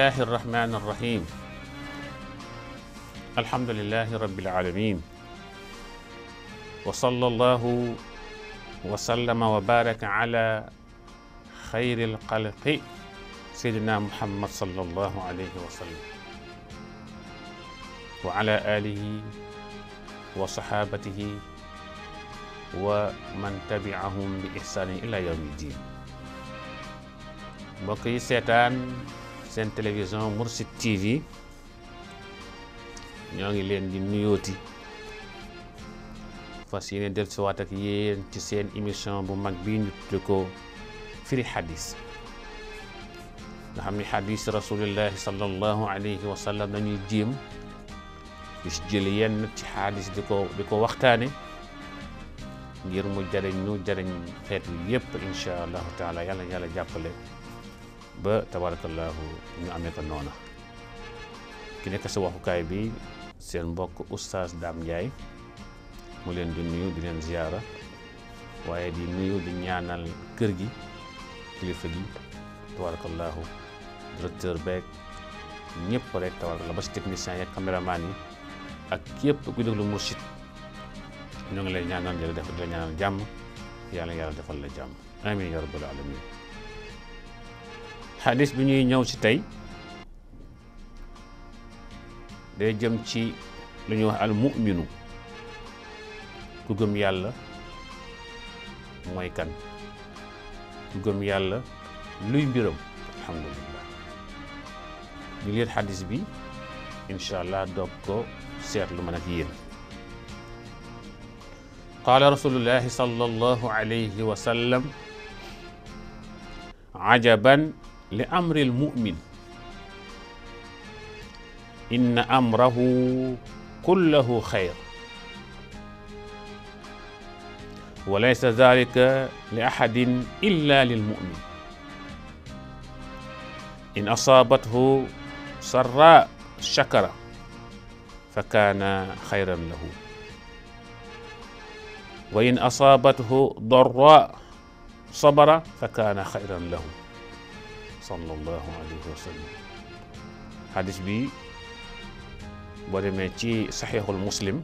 الله الرحمن الرحيم الحمد لله رب العالمين وصلى الله وسلم وبارك على خير القلق سيدنا محمد صلى الله عليه وسلم وعلى آله وصحابته ومن تبعهم بإحسان إلى يوم الدين mbokk yi seetaan seen télévision Mourchid TV ñoo ngi leen di nuyooti fas yéene dellusiwaat ak yéen ci seen émission bu mag bi ñu tudde ko firi xadis nga xam ne xadis rasulillahi sallallahu alayhi wa sallam dañuy jéem di ci xadis di ko di ko waxtaane ngir mu jariñ ñu jariñ xeet wi yépp incha allahu taala yàlla yàlla jàppale ba tabaarakallaahu ñu amee ko noona ki nekk sa waxukaay bi seen mbokk oustaz Dame Ndiaye mu leen di nuyu di leen ziyaara waaye di nuyu di ñaanal kër gi kilifa gi tabaarakallaahu directeur beeg ñëpp rek tabaarakallaahu ba si technicien yi ak caméraman yi ak képp ku lu mursid ñoo ngi lay ñaanal yàlla def di la ñaanal jàmm yàlla yàlla defal la jàmm amin ya rabbal alamin xadis bi ñuy ñëw ci tey day jëm ci lu ñuy wax al mu'minu ku gëm yàlla mooy kan ku gëm yàlla luy mbiram alhamdulillah ñu leen xadis bi incha allah doog seet lu man ak yéen qaala rasulullahi sallallahu alayhi wa ajaban li amril mu'min inna amrahu kullahu xayr wa laysa dalika li ahadin illa lil mu'min in asaabathu sarra shakara fa kaana xayran lahu wa in asaabathu darra sabara fa kaana xayran lahu sallallahu alayhi wa sallam xadis bi boo demee ci saxiixul muslim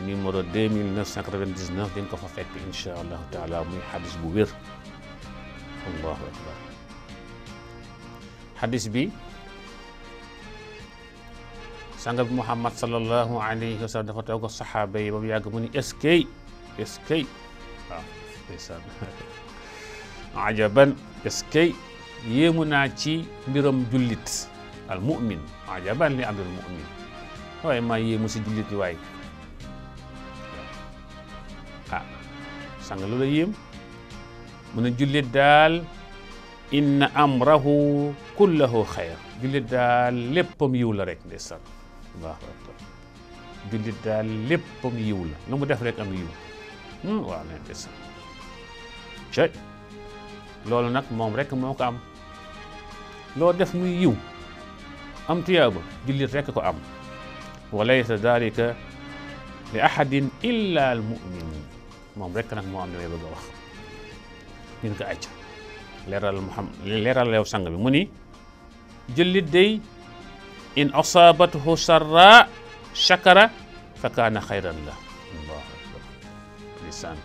numéro 2999 dinga ko fa fekk insha allahu taala muy xadis bu wér allahu akbar xadis bi sanga bi muhammad sallallahu alayhi wa sallam dafa toog saxaaba yi ba mu yàgg mu ni eskay eskay waaw ndeysaan ajaban eskay yéemu naa ci mbiram jullit al mu'min ajaban li amril mu'min waaye maa yéemu si jullit yi waaye ah sang loola yéem jullit daal inna amrahu kullahu xayr jullit daal léppam yiw la rek ndeysaan allahu akbar jullit daal léppam yiw la mu def rek am yiw hmm, loolu nag moom rek moo ko am loo def muy yiw am tuyaaba jullit rek ko am wa laysa dalika li ahadin illa al mu'min moom rek nag moo am damay bëgg a wax ñun ko acca leeral Muhammad leeral yow sang bi mu ni jullit day in asabatuhu sarra shakara fa kaana xayran la allahu akbar lisaan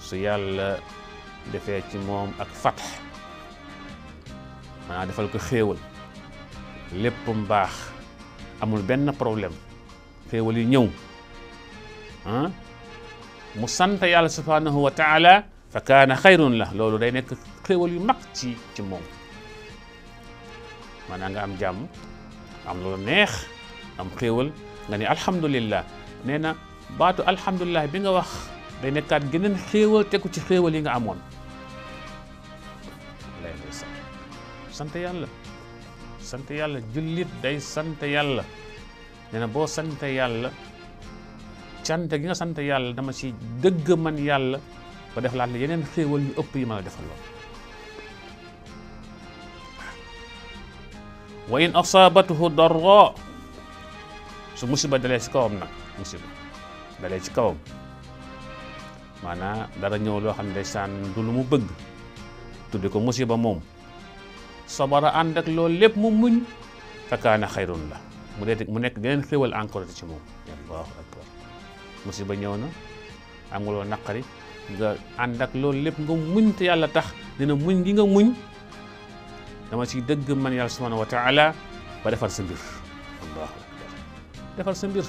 su yàlla defee ci moom ak fatax maanaam defal ko xéewal lépp mbaax amul benn problème xéewal yu ñëw ah mu sant yàlla subhanahu wa taala fa kaana xayrun la loolu day nekk xéewal yu mag ci ci moom maanaam nga am jàmm am lu neex am xéewal nga ni alhamdulillah nee na baatu alhamdulillah bi nga wax day nekkaat geneen xéewal tegu ci xéewal yi nga amoon waaye sant sant yàlla sant yàlla jullit day sant yàlla nee na boo sant yàlla cant gi nga sant yàlla dama ci dëgg man yàlla ba def laat la yeneen xéewal yu ëpp yi ma la defal lool wa in asaabatuhu darra su musiba dalee ci kawam nag musiba dalee ci kawam maanaa dara ñëw loo xam ne day saan du lu mu bëgg tudde ko musiba moom sabara ànd ak loolu lépp mu muñ fa kaana la mu dee mu nekk geneen xéwal encore ci moom allahu akbar musiba ñëw na am nga loo naqari nga ànd ak loolu lépp nga muñ te yàlla tax dina muñ gi nga muñ dama si dëgg man yàlla subhanahu wa taala ba defar sa mbir defar sa mbir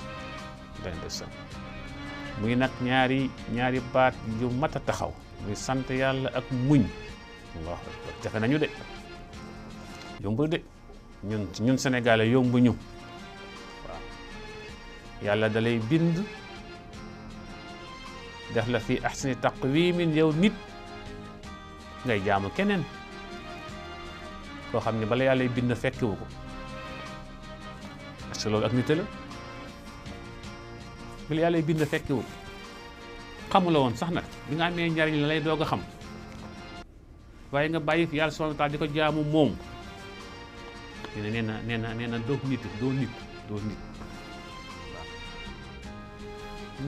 muy nag ñaari ñaari baat yu mat a taxaw muy sant yàlla ak muñ allahu akbar jafe nañu de yombul de ñun ñun sénégalais yombu ñu waaw yàlla dalay bind def la fi ahsani taqwimin yow nit ngay jaamu keneen koo xam ne bala yàlla bind fekkiwu ko parce loolu ak nite la yàlla bind fekkiwu ko xamula woon sax nag bi nga amee njariñ la lay doog a xam waaye nga bàyyi fi yàlla subhanahu wa di ko jaamu moom nee na nee na na nee na doo nit doo nit doo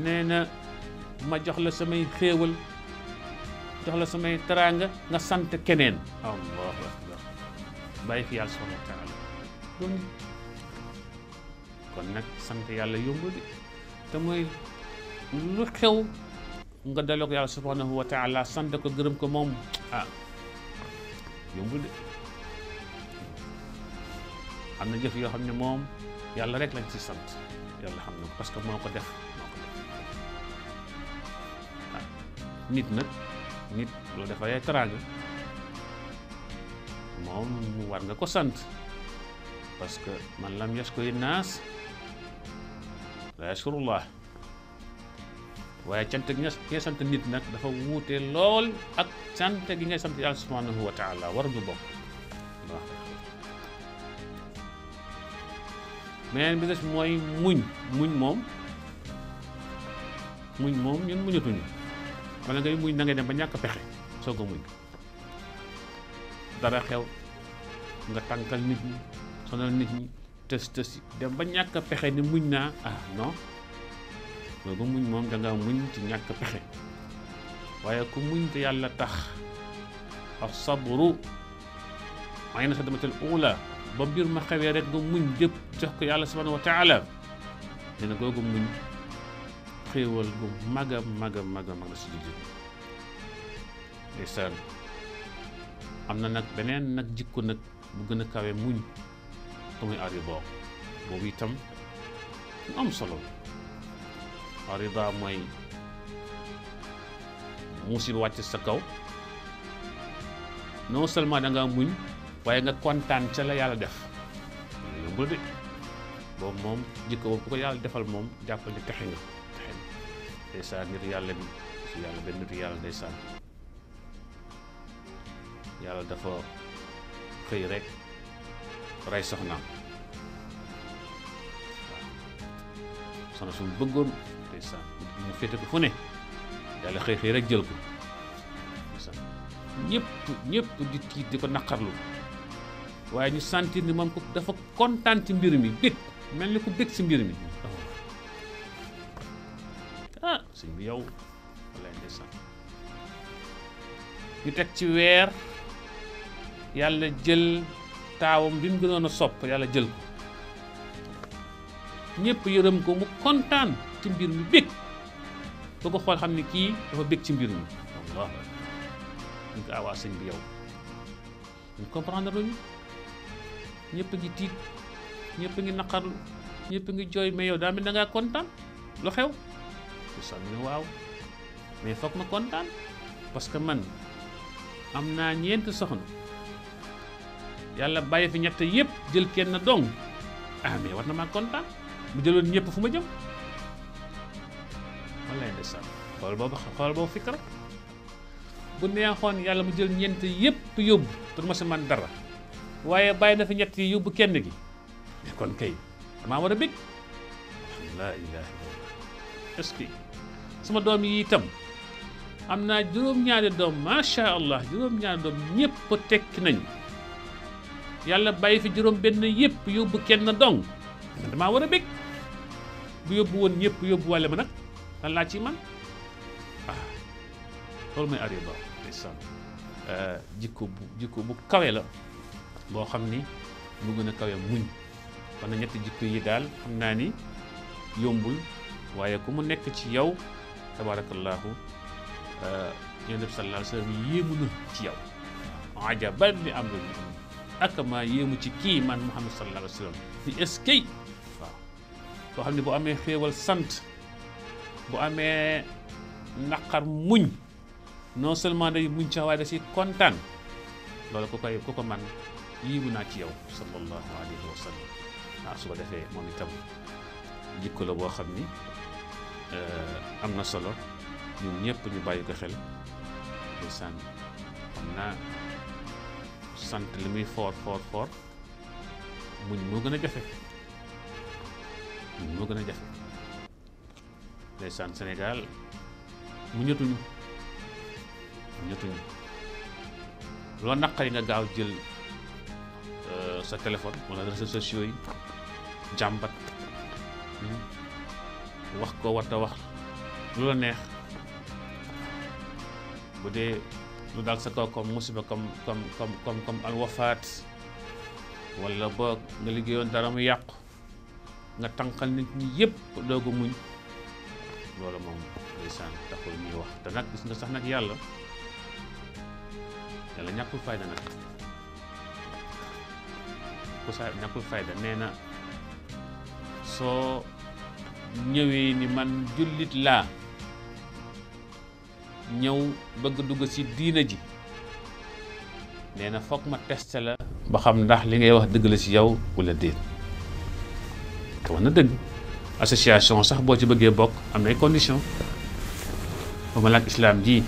na ma jox la samay xéewal jox la samay teraanga nga sant keneen allahu akbar bàyyi fi yàlla subhanahu doo nit kon nag sant yàlla yomb di te mooy lu xew nga delloo ko yàlla subhanahu sant ko gërëm ko moom ah yombul de am na jëf yoo xam ne moom yàlla rek lañ ci sant yàlla xam na parce que moo ko def nit nag nit loo defal ay teraanga moom war nga ko sant parce que man lam yashkuri naas la yashkurullah waaye cant gi nga sant nit nag dafa wuute lool ak sant gi ngay sant yàlla subhanahu wa taala war du bokk waaw beneen bi des mooy muñ muñ moom muñ moom ñun muñatuñu wala ngay muñ na ngay dem ba ñàkk pexe soog a muñ dara xew nga tànkal nit ñi sonal nit ñi tës tës dem ba ñàkk pexe ni muñ naa ah non loolu muñ moom da muñ ci ñàkk pexe waaye ku muñ te yàlla tax a sabru ay na sadamatal ula ba mbir ma xewee rek nga muñ jëpp jox ko yàlla subhanahu wa taala nee na googu muñ xéewal gu mag a mag a mag a mag a si jiji ndeysaan am na nag beneen nag jikko nag bu gën a kawe muñ te muy ari boo boobu itam am solo rida mooy musiba wàcc sa kaw non seulement da muñ waaye nga kontaan ca la yàlla def yombul de boobu moom jikko boobu ko yàlla defal moom jàppal ni texe nga texe ndeysaan nitu yàlla bi su yàlla benn nitu yàlla ndeysaan yàlla dafa xëy rek rey soxnaam soxna su bëggoon ndeysaan mu féete ko fu ne yàlla ñu sentir ni moom ko dafa kontaan ci mbir mi ni ku bég si mbir mi ah, bi yow ñu teg ci weer yàlla jël taawam bi mu a sopp yàlla jël ko ñëpp yërëm ko mu kontaan ci mbir mi bég ku ko xool xam ne kii dafa bég ci mbir mi waaw ñu ko awaa ah, bi yow ñu a ngi tiit ñëpp a ngi naqarlu ñëpp a ngi jooy mais yow daa mel da ngaa kontaan lu xew su san ne waaw mais foog ma kontaan parce que man am naa ñeent soxna yàlla bàyyi fi ñett yëpp jël kenn dong ah mais war na maa kontaan mu jëloon ñëpp fu ma jëm fan lay ndeysaan xool boobu xool boobu fikra bu neexoon yàlla mu jël ñeent yépp yóbbu pour ma si man dara waaye bàyyi na fi ñett yi yóbbu kenn gi kon kay damaa war a bég laa ilaaha sama doom yi itam am naa juróom-ñaari doom macha allah juróom-ñaari doom ñëpp tekki nañ yàlla bàyyi fi juróom benn yëpp yóbbu kenn dong damaa war a bég bu yóbbu woon ñëpp yóbbu wàlle ma nag lan laa ci man ah loolu mooy ariba eh, jikko bu jikko bu kawe la boo xam ni mu gën a kawe muñ kon na ñetti jikko yi daal xam naa ni yombul waaye ku mu nekk ci yow tabaarakallaahu eh, yonent bi sallallaahu alayhi wa sallam yéemu na ci yow ajaban li amri ak maa yéemu ci kii man Muhammad sallallaahu alayhi wa sallam ni est xam ne bu amee xéewal sant bu amee naqar muñ non seulement day muñ sax waaye da si kontaan loolu ku koy ku ko man yiiwu naa ci yow sallallahu alayhi wa sallam su ko defee moom itam jikko la boo xam ni euh, am na solo ñun ñëpp ñu bàyyi ko xel di sant xam naa sant li muy foor foor foor muñ moo gën a jafe muñ moo gën a jafe ndeysaan Sénégal mu ñëtuñu mu ñëtuñu loo naqari nga gaaw jël euh, sa téléphone wala réseaux sociaux yi jàmbat hmm? wax ko warta wax lu la neex bu dee lu daal sa kaw comme musiba comme comme comme comme alwafaat wala boog nga liggéeyoon dara mu yàqu nga tànqal nit ñi yëpp doogu muñ loolu moom ndeysaan taxul ñuy wax te nag gis nga sax nag yàlla yàlla ñàkkul fayda nag ku sa ñàkkul fayda nee na soo ñëwee ni man jullit laa ñëw bëgg dugg ci diina ji nee na foog ma teste ba xam ndax li ngay wax dëgg la ci yow walla déet te wax na dëgg association sax boo ci bëggee bokk am nay condition ba ma laak islaam ji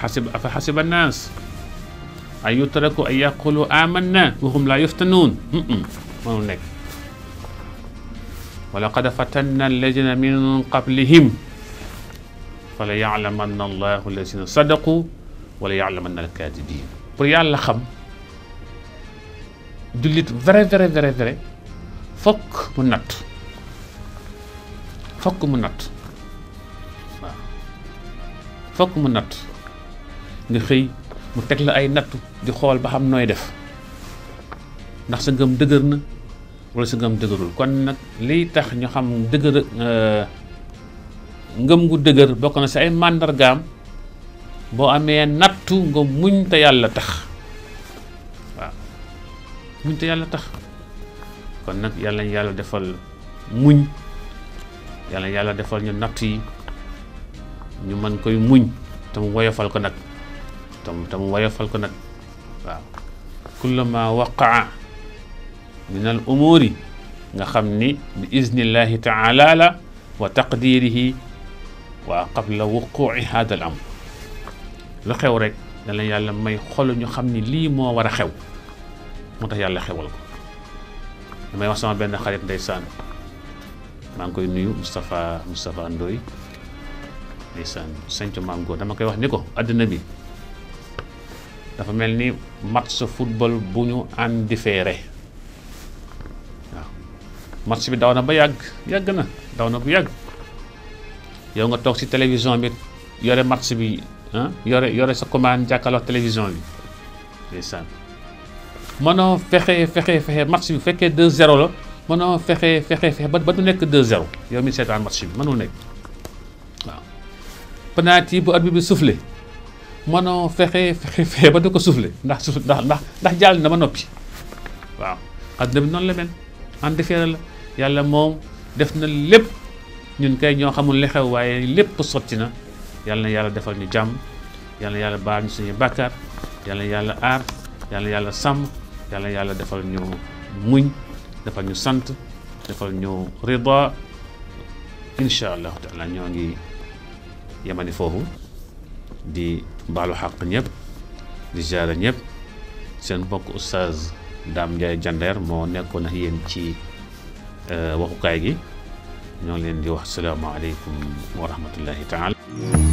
afa xasiba naas ay yutraku ay yaqulu amanna wa hum laa yuftanuun mënul nekk wa laqad fatanna alladina min qablihim fa la yaalamanna allahu alladina sadaqu wala yaalamanna alkaadibin pour yàlla xam jullit vrai vrai vrai vrai fokk mu natt fokk mu natt waaw fokk mu natt nga xëy mu teg la ay nattu di xool ba xam nooy def ndax sa ngëm dëgër na wala sa ngëm dëgërul kon nag lii tax ñu xam dëgër euh, ngëm gu dëgër bokk na si ay màndargaam boo amee nattu nga muñ te yàlla tax waaw muñ yàlla tax kon nag yàlla yàlla defal muñ yàlla yàlla defal ñu natt yi ñu man koy muñ tam woyofal ko nag tam tam woyofal ko nag waaw kullama waqaa min al umuuri nga xam ni bi iznillahi taala la wa taqdirihi wa qabla wuquui hada al amr lu xew rek da yàlla may xolu ñu xam ni lii moo war a xew moo tax yàlla xewal ko damay wax sama benn xarit ndeysaan maa ngi koy nuyu Moustapha Moustapha Ndoye ndeysaan sant maam góor dama koy wax ni ko àddina bi dafa mel ni match football bu ñu indifféré waaw match bi daw na ba yàgg yàgg na daw na bu yàgg yow nga toog si télévision bi yore match bi ah, yore yore sa commande jàkkaarloo télévision bi ndeysaan mënoo fexe fexe fexe match bi fekkee 2-0 mënoo fexe fexe fexe ba ba du nekk 2-0 yow mi seetaan match bi mënul nekk waaw penalty bu arbitre bi soufflé mënoo fexe fexe fexe ba du ko soufflé ndax suuf ndax ndax ndax jàll na ba noppi waaw àdduna bi noonu la mel en defeere la yàlla moom def na lépp ñun kay ñoo xamul li xew waaye lépp sotti na yàlla yàlla defal ñu jàmm yàlla na yàlla baal ñu suñu bàkkaar yàlla yàlla aar yàlla yàlla sàmm yàlla yàlla defal ñu muñ defal ñu sant defal ñu rida incha allah taala ñoo ngi yemani foofu di baalu xàq ñëpp di jaare ñëpp seen mbokk oustaz Dame Ndiaye Diender moo nekkoon ak yéen ci euh, waxukaay gi ñoo ngi leen di wax salaamaaleykum wa rahmatullahi taala